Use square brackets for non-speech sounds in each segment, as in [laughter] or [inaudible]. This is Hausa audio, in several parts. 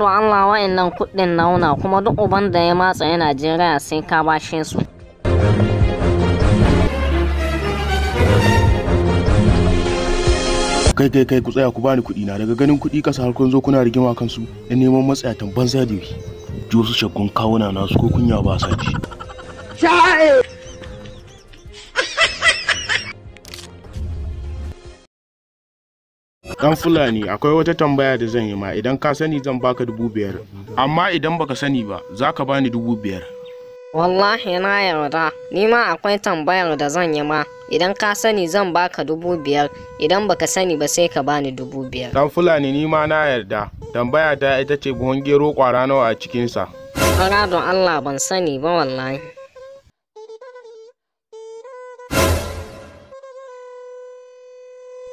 da Allah wa'annan kuɗin nauna kuma duk uban da ya matsa yana Najeriya sai ka bashe su. kai kai kai ku tsaya ku bani kuɗi na daga ganin kuɗi kasa har kun zo kuna rigima kansu da neman matsayatan banza da wi. Ji wasu shakkun kawuna nasu ko kunya ba sa ji. Dan Fulani akwai wata tambaya da zan yi ma idan ka sani zan baka dubu biyar amma idan baka sani ba za ka bani dubu biyar. Wallahi na yarda ni ma akwai tambayar da zan yi ma idan ka sani zan baka dubu biyar idan baka sani ba sai ka bani dubu biyar. Dan Fulani ni ma na yarda tambaya ta ita ce buhun gero kwara nawa a cikinsa. Ƙara don Allah ban sani ba wallahi.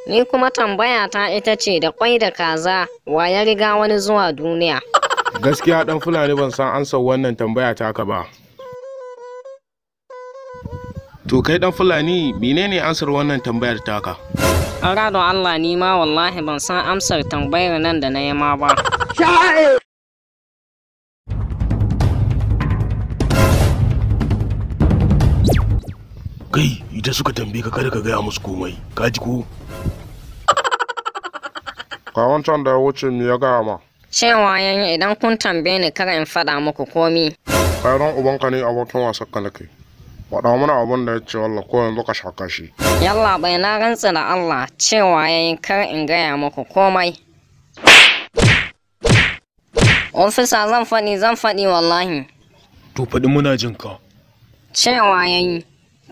Ni kuma tambaya ta ita ce da kwai da kaza wa ya riga wani zuwa duniya. [laughs] Gaskiya ɗan Fulani ban san ansar wannan tambaya taka ba. To kai ɗan Fulani menene ansar wannan tambayar taka? An rado Allah ni ma wallahi ban san amsar tambayar nan da na yi ma ba. Kai, ita suka tambaye ka kada ka gaya musu komai, ka ji ko? Ka wancan da ya wuce me ya gaya ma? Cewa yanyi idan kun tambaye ni kar in faɗa muku komi. Kairan ubanka ne abokin wasan ka nake. Faɗa mana abin da ya ce wallah ko yanzu ka shaka shi. Yalla bai na rantsa da Allah cewa yanyi kar in gaya muku komai. Ofisa zan faɗi zan faɗi wallahi. To faɗi muna jin ka. Cewa yanyi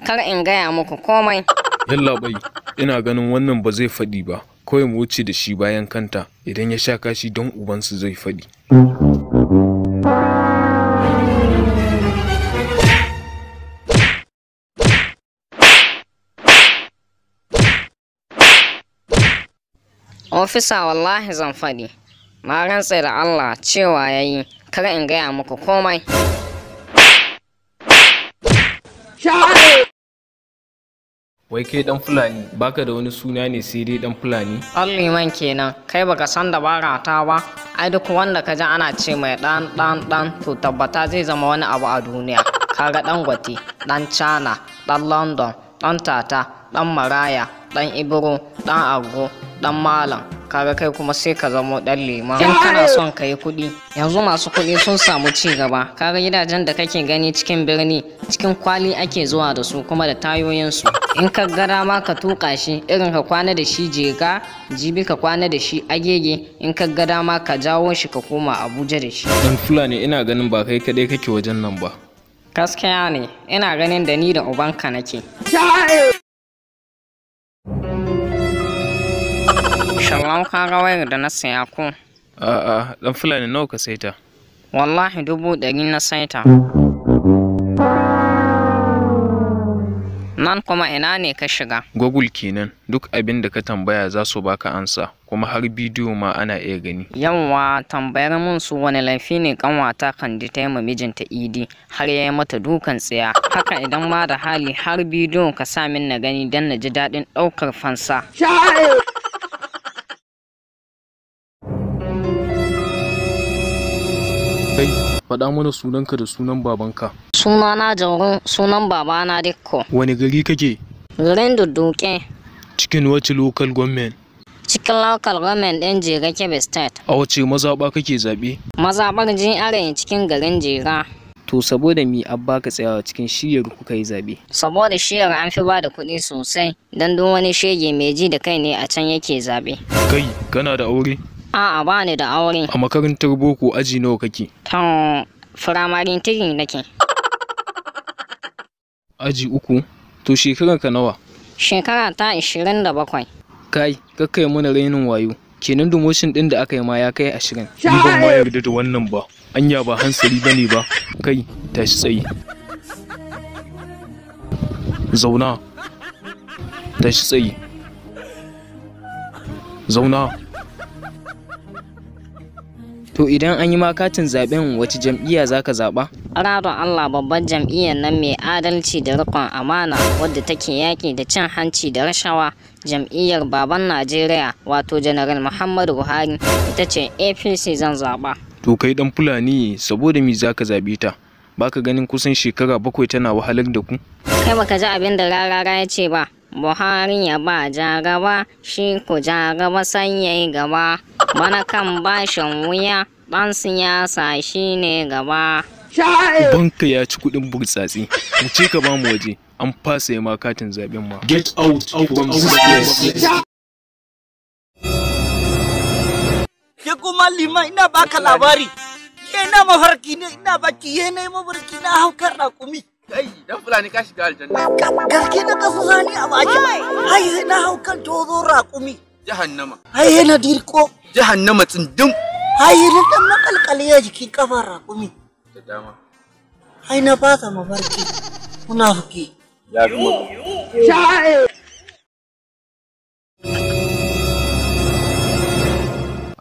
kar in gaya muku komai. Yalla bai ina ganin wannan ba zai faɗi ba. kawai mu wuce da shi bayan kanta idan ya sha kashi don ubansu zai faɗi. Ofisa wallahi zan faɗi, na rantse da Allah cewa ya yi, kar in gaya muku komai. wai kai dan fulani baka da wani suna ne sai dai dan fulani Ɗan liman kenan kai baka san dabara ta ba ai duk wanda ka ji ana ce mai dan dan dan to tabbata zai zama wani abu a duniya kaga dan gwati dan chana dan london dan tata dan maraya dan ibro dan ago dan malam kaga kai kuma sai ka zamo dan liman in kana son ka yi kuɗi yanzu masu kuɗi sun samu ci gaba kaga gidajen da kake gani cikin birni cikin kwali ake zuwa da su kuma da tayoyinsu in ka gara ma ka tuƙa shi irin ka kwana da shi jega jibi ka kwana da shi agege in ka gara ma ka jawo shi ka koma abuja da shi dan fulani ina ganin ba kai kadai kake wajen nan ba gaskiya ne ina ganin da ni da ubanka nake shallau ka ga wayar da na saya ko a'a dan fulani nawa ka saita wallahi dubu ɗari na saita nan kuma ina ne ka shiga google kenan duk abin da ka tambaya za su baka ansa kuma har bidiyo ma ana iya gani yawwa tambayar mun su wani laifi ne kanwata kan ji ta yi mijinta idi har ya yi mata dukan tsaya haka idan ma da hali har bidiyo ka sa min na gani don na ji daɗin ɗaukar fansa Faɗa mana sunanka da sunan babanka. Suna na Jaurun, sunan babana Dikko. Wani gari kake? Garin Dudduke. Cikin wace local government? Cikin local government ɗin Jega Kebbi State. A wace mazaɓa kake zaɓe? Mazaɓar jin arayin cikin garin Jera. To saboda mi abba ka tsayawa cikin shiyar kuka yi zaɓe? Saboda shiyar an fi ba da kuɗi sosai, don duk wani shege mai ji da kai ne a can yake zaɓe. Kai, kana da aure? A'a ba ni da aure. A makarantar boko aji nawa kake? Tan firamare tiri nake. [laughs] Aji uku? To shekarar ka nawa? Shekara ta ishirin da bakwai. Kai, kakkai mana rainin wayo. Kenan dumoshin ɗin da aka yi ma ya kai ashirin. Ni ban ma yarda da wannan ba. Anya ba hansari ba ne ba. Kai, tashi tsaye. Zauna. Tashi tsaye. Zauna. To idan an yi makatin katin zaɓen wace jam'iyya za ka zaɓa? Raron Allah babban jam'iyyar nan mai adalci da riƙon amana wadda take yaƙi da cin hanci da rashawa jam'iyyar baban Najeriya wato Janaral Muhammadu Buhari ita ce APC zan zaɓa. To kai ɗan Fulani saboda me za ka zaɓe ta? Ba ka ganin kusan shekara bakwai tana wahalar da ku? Kai baka ji abin da rarara ya ce ba. buhari ya ba jagaba shi ku jagaba gaba yi gaba bana kan bashin wuya ɗan siyasa shi ne gaba banka ya ci kuɗin burtsatsi mu ce ka ba mu waje an fasa ya ma katin zaɓen ma get out from ke kuma lima ina baka labari ke na mafarki ne ina baki ye na mafarki na haukar kumi. Kai, dan fulani ka shiga aljanna. Gaske na kasu zani a baki. Ai, na hau kan tozo raƙumi. Jahannama. Ai, na dirko. Jahannama tsindim. Ai, na dan makalkale ya jikin kafar raƙumi. Da dama. Ai, na fasa mafarki. Kuna fuki. Ya kuma. Sha'i.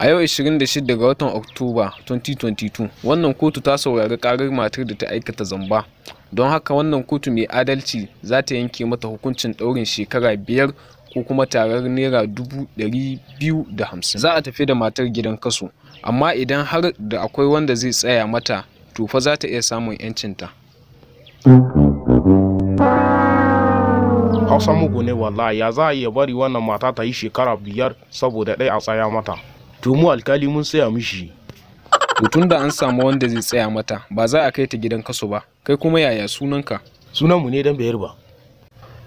a yau 26 ga watan oktoba 2022 wannan kotu ta saurari karar matar da ta aikata zamba don haka wannan kotu mai adalci za ta yanke mata hukuncin ɗaurin shekara biyar ko kuma tarar naira dubu ɗari biyu da hamsin za a tafi da matar gidan kaso amma idan har da akwai wanda zai tsaya mata to fa za ta iya samun 'yancinta hausa mugu ne wallahi ya za a iya bari wannan mata ta yi shekara biyar saboda ɗaya a tsaya mata to mu alkali mun saya mishi to da an samu wanda zai tsaya mata ba za a kai ta gidan kaso ba kai kuma yaya sunanka sunan mu ne dan bayar ba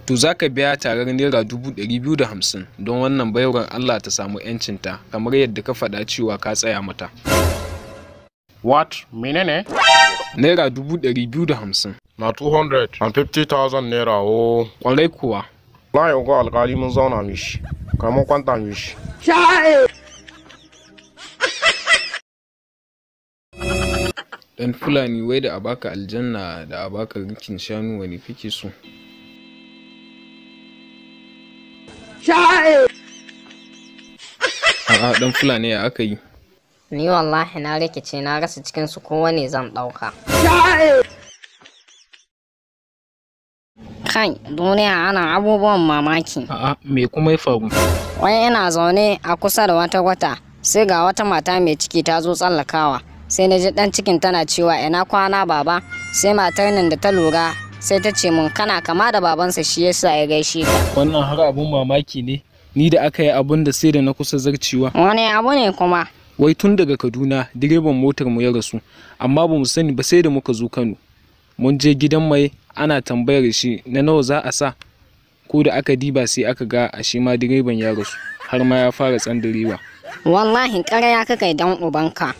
to za ka biya tarar naira dubu ɗari biyu da hamsin don wannan bayarwar allah ta samu yancinta kamar yadda ka faɗa cewa ka tsaya mata what menene naira dubu ɗari biyu da hamsin na 250,000 naira o oh. ƙwarai kuwa na ya ga alƙali mun zauna mishi kamar kwanta mishi Dan Fulani wai da a baka aljanna da a baka shanu wani kake so? A'a dan Fulani ya aka yi. Ni wallahi na rikice na rasa cikinsu kowane zan ɗauka. Kai, duniya ana abubuwan mamaki. A'a, me kuma ya faru? Wai ina zaune a kusa da wata wata, sai ga wata mata mai ciki ta zo tsallakawa. sai na ji dan cikin tana cewa ina kwana baba sai matar nan da ta lura sai ta ce mun kana kama da babansa shi yasa ya gaishe ka wannan har abun mamaki ne ni da aka yi abun da sai da na kusa zarcewa wani abu ne kuma wai tun daga kaduna direban motar mu ya rasu amma ba mu sani ba sai da muka zo kano mun je gidan mai ana tambayar shi na nawa za a sa ko da aka diba sai aka ga a shi ma direban ya rasu har ma ya fara tsandarewa wallahi ƙarya kakai dan ubanka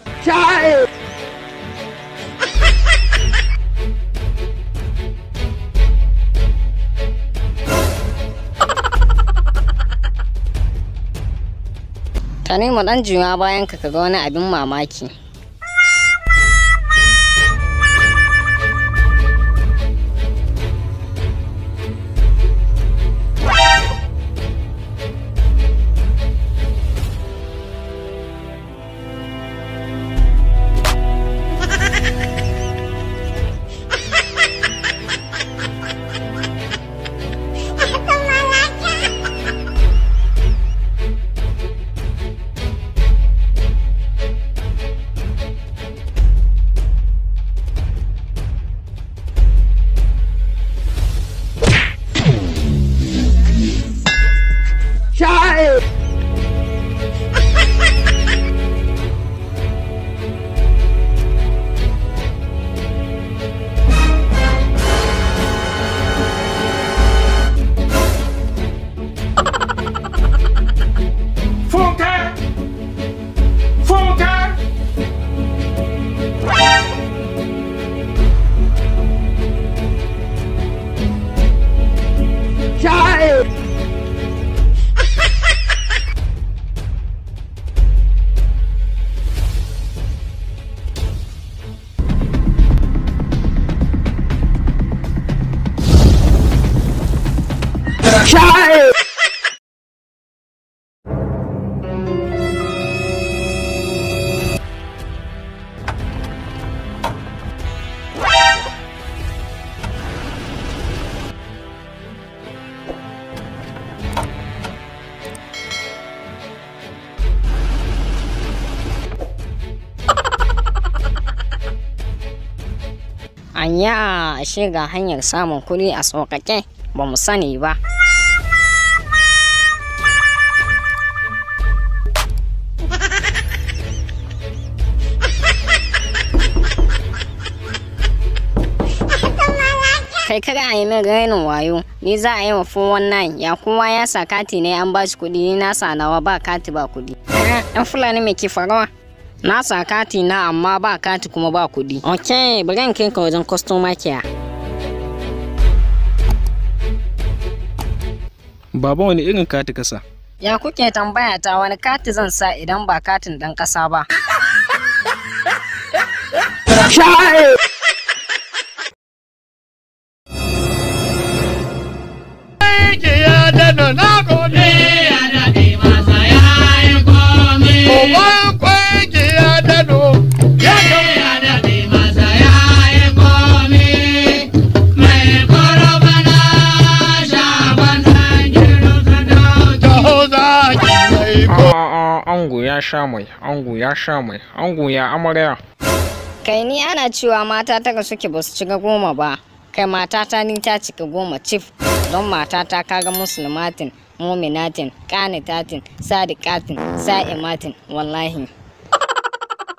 Tanimu dan juya bayan ka ga wani abin mamaki. ya ashe ga hanyar samun kuɗi a sauƙaƙe ba mu sani ba kai kada a yi min rainin wayo ni za a yi wa wannan. ya kowa ya sa kati ne an ba shi kuɗi ni na sa nawa ba kati ba kuɗi ɗan fulani mai ke farawa nasa kati na amma ba kati kuma ba kudi Ok, bari in kai ka wajen customer care. Baba wani irin kati kasa Ya kuke tambaya ta wani kati zan sa idan ba katin dan kasa ba. Sha'i! ya dano na gode! ya sha mai ango ya sha mai ango ya amarya kai ni ana cewa mata ta suke ba su cika goma ba kai matata ni ta cika goma cif don mata matata kaga musulmatin muminatin kanitatin sadiqatin sa'imatin wallahi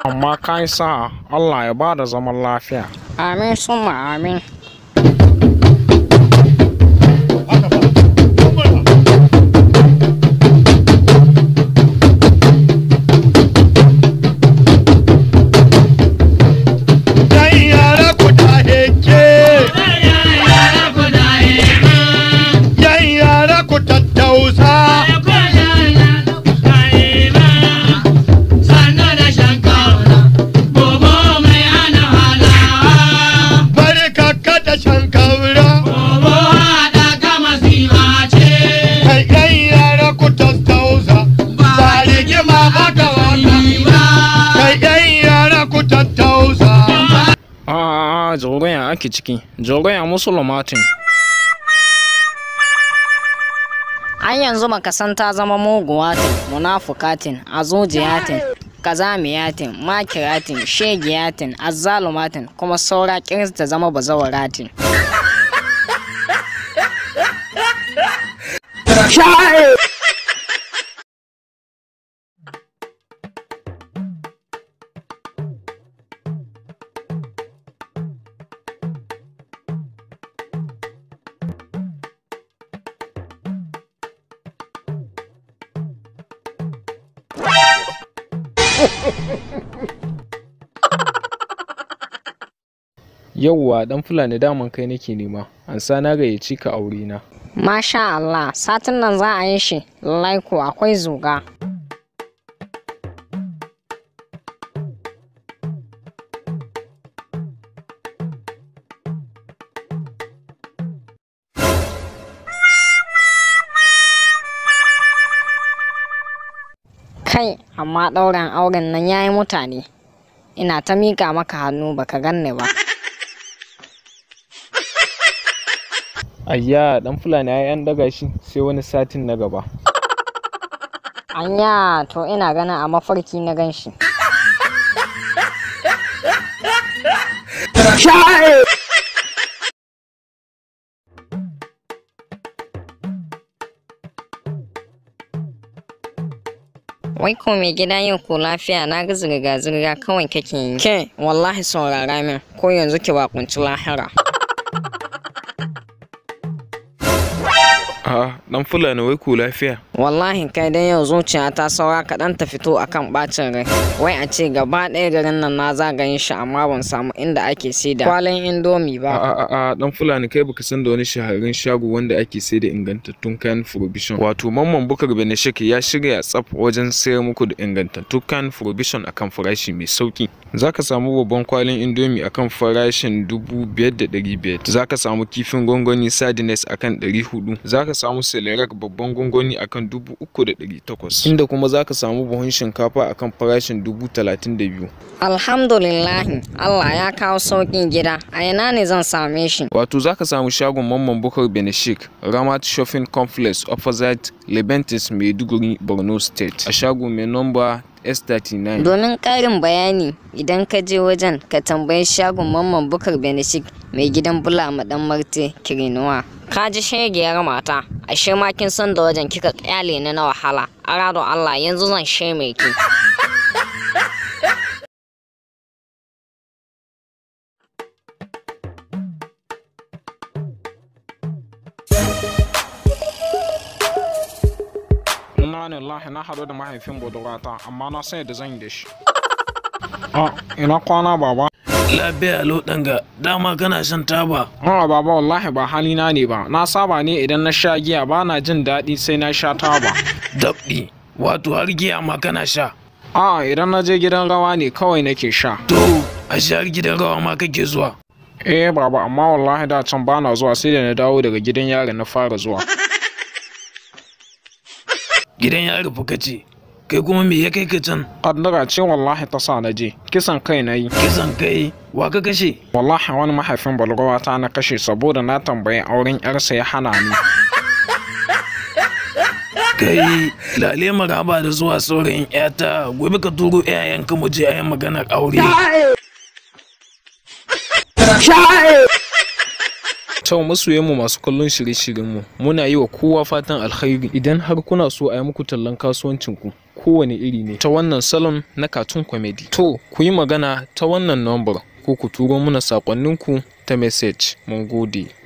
amma kai sa Allah ya bada zaman lafiya amin summa amin ake ciki ya musu lomatin an yanzu makasan ta zama muguwatin munafukatin azujiyatin kazamiyatin makiratin shegiyatin azzalumatin kuma saura kirista ta zama bazawaratin Yauwa dan Fulani daman kai nake nema, an sa na gayyaci ka aure na. Masha Allah, satin nan za a yi shi, lallai ko akwai zuga. kai amma ɗaurin auren nan ya yi mutane ina ta mika maka hannu baka ganni ba [laughs] ayya ɗan fulani ya yan daga shi sai wani satin na gaba [laughs] anya to ina gani a mafarki na gan shi Wai ko mai gida yau ko lafiya na ga zirga-zirga kawai kake yi. Ke, wallahi saurara min, ko yanzu ki bakunci lahira. A'a, dan Fulani wai ku lafiya. Wallahi kai dai yau zuciya ta saura kaɗan ta fito akan ɓacin rai. Wai a ce gaba ɗaya garin nan na zagaye shi amma ban samu inda ake saida kwalin indomi ba. A'a a'a dan Fulani kai baka san da wani shaharin shago wanda ake saida ingantattun kayan provision. Wato Mamman Bukar Beneshek ya shirya tsaf wajen sayar muku da ingantattun kayan provision akan farashi mai sauki. Za ka samu babban kwalin indomi akan farashin dubu biyar da ɗari biyar. Za ka samu kifin gwangwani sardines akan ɗari hudu. samu selerak babban gwangwani akan dubu uku da ɗari takwas inda kuma za ka samu buhun shinkafa akan farashin dubu talatin da biyu alhamdulillahi allah ya kawo saukin gida a ina ne zan same shi wato za ka samu shagon mamman bukar beneshik ramat shopping complex opposite lebentis maiduguri borno state a shago mai nomba S39. Domin ƙarin bayani idan ka je wajen ka tambayi shagon mamman bukar benishik mai gidan bula madan marte kirinuwa. Ka ji shegiyar mata, ashe ma kin san da wajen kika kyale ni na wahala, arado Allah yanzu zan sheme ki. Ina ne lahi na haɗu da mahaifin budurata, amma na sai da zan yi da shi. [laughs] Ah, ina kwana baba. Lafiya lodanga dama kana shan taba. A'a baba wallahi ba halina ne ba. Na saba ne idan na sha giya ba na jin daɗi sai na sha taba. Dabdi wato har giya ma kana sha. A'a idan na je gidan rawa ne kawai nake sha. To a gidan rawa ma kake zuwa. Eh baba amma wallahi da can ba na zuwa sai da na dawo daga gidan yari na fara zuwa. Gidan yari fuka ce. kai kuma me ya kai ka can kaddara ce wallahi ta sa na je kisan kai na yi kisan kai wa ka kashe wallahi wani mahaifin balgowa ta na kashe saboda na tambayi auren yarsa ya hana ni kai lale maraba da zuwa saurayin yata gobe ka turo yayanka mu je ayin maganar aure Cewa masoyanmu masu kallon shirye-shiryenmu muna yi wa kowa fatan alkhairi idan har kuna so a yi muku tallan kasuwancinku kowane iri ne ta wannan salon na katun comedy. To ku yi magana ta wannan number ko ku turo muna sakonninku ta message. Mun gode.